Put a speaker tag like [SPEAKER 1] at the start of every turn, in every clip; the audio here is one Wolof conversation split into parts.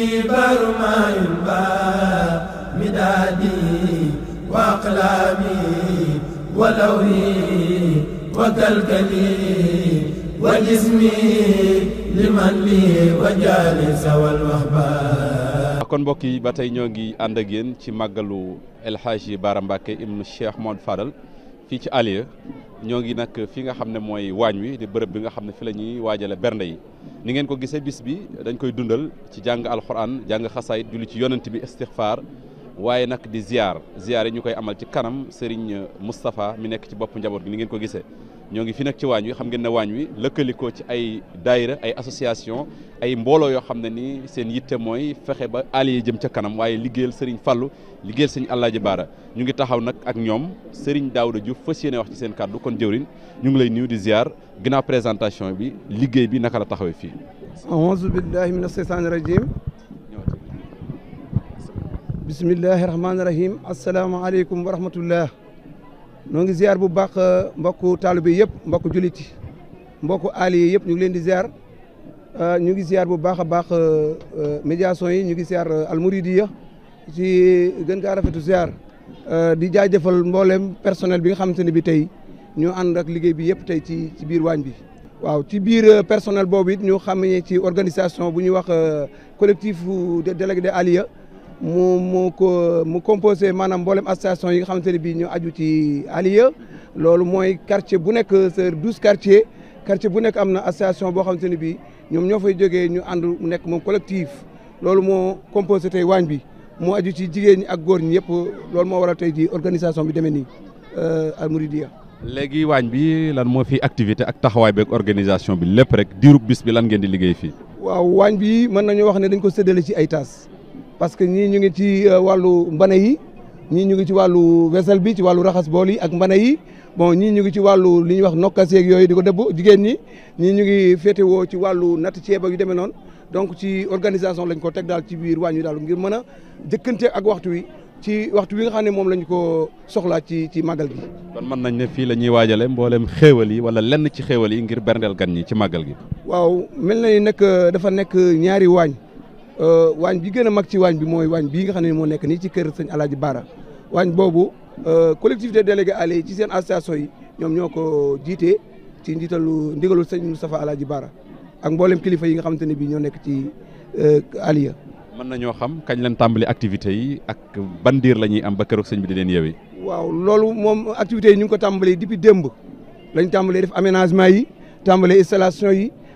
[SPEAKER 1] كبر ما
[SPEAKER 2] ينبع مدادي وأقلامي ولوي وكالكلي وجسمي لمن لي وجالس والوهبة
[SPEAKER 3] kon mbokk yi ba tey ñoo ngi ànd ak yéen ci màggalu El Hadji Bara Mbacké ibnu Cheikh Modou Fadal fi ci àll ya ñoo ngi nag fi nga xam ne mooy wi di bërëb bi nga xam ne fi la ñuy waajale bernde yi ni ngeen ko gisee bis bi dañ koy dundal ci jàng alxuraan jàng xasaay julli ci yonent bi istighfar, waaye nak di ziar ziar yi ñu amal ci kanam sëriñ mustapha mi nekk ci bopp njaboot gi ni ngeen ko gisee ñongi fi nak ci wañu xam ngeen na wañu wi lëkkalikoo ci ay daayira ay association ay mbolo yo xam ni seen yitte moy fexe ba ali jëm ci kanam waaye liggéeyal Serigne Fallou liggéeyal Serigne Alaaji bara ñu ngi taxaw nak ak ñom Serigne Daouda Diouf fassiyene wax ci seen kàddu kon jëwriñ ñu ngi lay nuyu di ziar ginnaaw présentation bi liggéey bi naka la taxawé fi
[SPEAKER 2] a'udhu billahi minash sheytaani rajim bismillahir rahmanir rahim assalamu alaykum wa rahmatullah noo ngi ziar bu baax euh, mbokku bi yëpp mbokku jullit yi mbokku aali yi yëpp ñu ngi leen di ziar euh, ñu ngi ziar bu baax a baax euh, médiation yi ñu ngi ziar almuridiya ci gën kaa rafetu ziar di jaajëfal mboolem personnel bi nga xamante ni bi tey ñoo ànd ak liggéey bi yëpp tey ci ci biir waañ bi. waaw ci biir personnel boobu it ñu xamee ci organisation bu ñuy wax collectif des délégués de Aliya mu composé manam mboolem association yi nga xamante ñu aju ci quartier bu nek a douze quartiers quartier bu nek amna association bo xamante une ñu collectif lolu composé tay wañ bi mo aju ci jigéen ak ñi de organisation bi ni euh Al
[SPEAKER 3] légui wañ bi lan mo fi activité ak taxawaay organisation bi rek bis bi lan
[SPEAKER 2] di parce que ñii ñu ngi ci euh, wàllu mbana yi ñii ñu ngi ci wàllu vaisselle bi ci wàllu raxas bool yi ak mbana yi bon ñii ñu ngi ci wàllu li ñuy wax nokkas yeeg yooyu di ko dëbb jigéen ñi ñii ñu ngi féetewoo ci wàllu natt ceeb ak yu demee noonu donc ci organisation lañ ko teg daal ci biir wàññi daal ngir mën a jëkkante ak waxtu wi ci waxtu wi nga xam ne moom lañ ko soxlaa ci ci màggal gi.
[SPEAKER 3] kon mën nañ ne fii la ñuy waajale mboolem xéewal yi wala lenn ci xéewal yi ngir berndeel gan ñi ci màggal gi.
[SPEAKER 2] waaw mel na ni nag euh, dafa nekk ñaari waañ Euh, waañ bi gën a mag ci waañ bi mooy waañ bii nga xam ne moo nekk nii ci kër sëñ Alaaji bara waañ boobu euh, collectivité délégué àll yi ci seen association yi ñoom ñoo ko jiitee ci njiitalu ndigalu sëñ Moustapha Alaaji bara ak mboolem kilifa yi nga xamante ne bii ñoo nekk ci euh,
[SPEAKER 3] aliya mën ñoo xam kañ lañ tàmbali activités yi ak ban diir la ñuy am ba keroog sëñ bi di leen
[SPEAKER 2] waaw loolu moom activités yi ñu ngi ko tàmbali depuis démb lañu tàmbalee def aménagement yi tàmbalee installation yi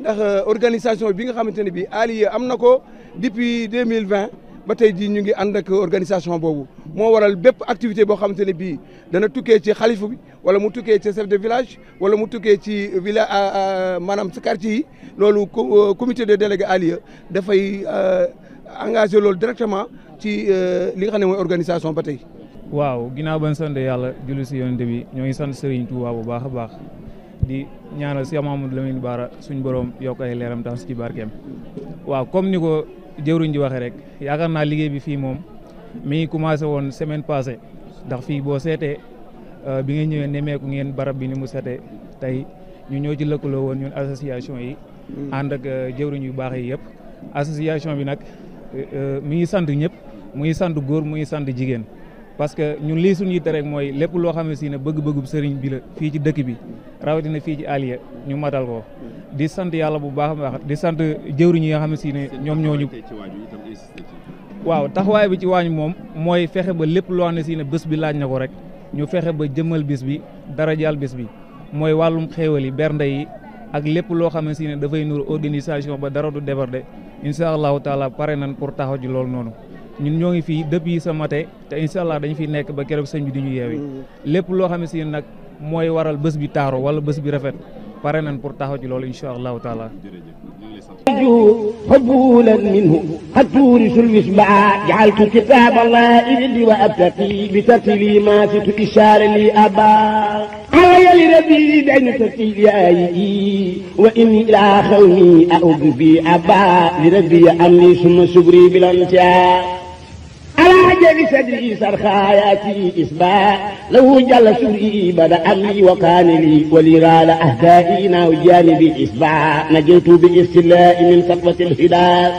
[SPEAKER 2] ndax euh, organisation bi nga xamante ne bii Alieu am na ko depuis deux mille vingt ba tey jii ñu ngi ànd ak organisation boobu moo waral bépp activité boo xamante ne bii dana tukkee ci xalifu bi wala mu tukkee ci chef de village wala mu tukkee ci village euh, euh, maanaam ci quartier yi loolu comité de délégué Alieu dafay engagé loolu directement ci li nga xam ne mooy organisation ba tey.
[SPEAKER 1] waaw ginnaaw ban sant yàlla julli si yonent bi ñoo ngi sant Serigne waaw bu baax a baax. di ñaanal Cheikh Mamadou Lamine Bara suñ borom yokk ay leeram tax ci barkeem waaw comme ni ko jëwriñ ji waxee rek yaakaar naa liggéey bi fii moom mi ngi commencé woon semaine passée ndax fii boo seetee euh, bi nga ñëwee nemeeku ngeen barab bi ni mu seetee tey ñu ñëw ci lëkkaloo woon ñun association yi hmm. ànd ak euh, jëwriñ yu baax yi yëpp association bi nag euh, mi ngi sant ñëpp mu ngi sant góor mu ngi sant jigéen parce que ñun lii suñu yitte rek mooy lépp loo xam ne si ne bëgg-bëggub sëriñ bi la fii ci dëkk bi rawatina fii ci Aliya ñu matal ko di sant yàlla bu baax a di sant jëwriñ yi nga xam ne si ne ñoom ñoo ñu waaw taxawaay bi ci waañ moom mooy fexe ba lépp loo xam ne si ne bés bi laaj na ko rek ñu fexe ba jëmmal bis bi darajaal bis bi mooy wàllum xéewal yi bernde yi ak lépp loo xam ne si ne dafay nuru organisation ba dara du déborde incha allahu taala pare nañ pour taxaw ji loolu noonu ñun ñoo ngi fi depuis sa matin te inshallah dañ fi nekk ba kërëm sëñ bi di ñu yewi mm-hmm. lépp loo xam ne nag mooy waral bés bi taaro wala bés bi rafet pare nañ pour taxaw ci loolu inshallah taala
[SPEAKER 2] حبولا منه حتى ورث المشبع جعلت كتاب الله عندي وابتقي بتكليمات تشار لي ابا علي لربي دين تكيل يا واني الى خوني اعوذ بي ابا لربي امني ثم شبري بلا انتهاء جل صدري سرخاياتي إسماء لو جل سري بدا أمي وقال لي ولرال ناو جانبي إسماء نجيت بإستلاء من سقفة الهدى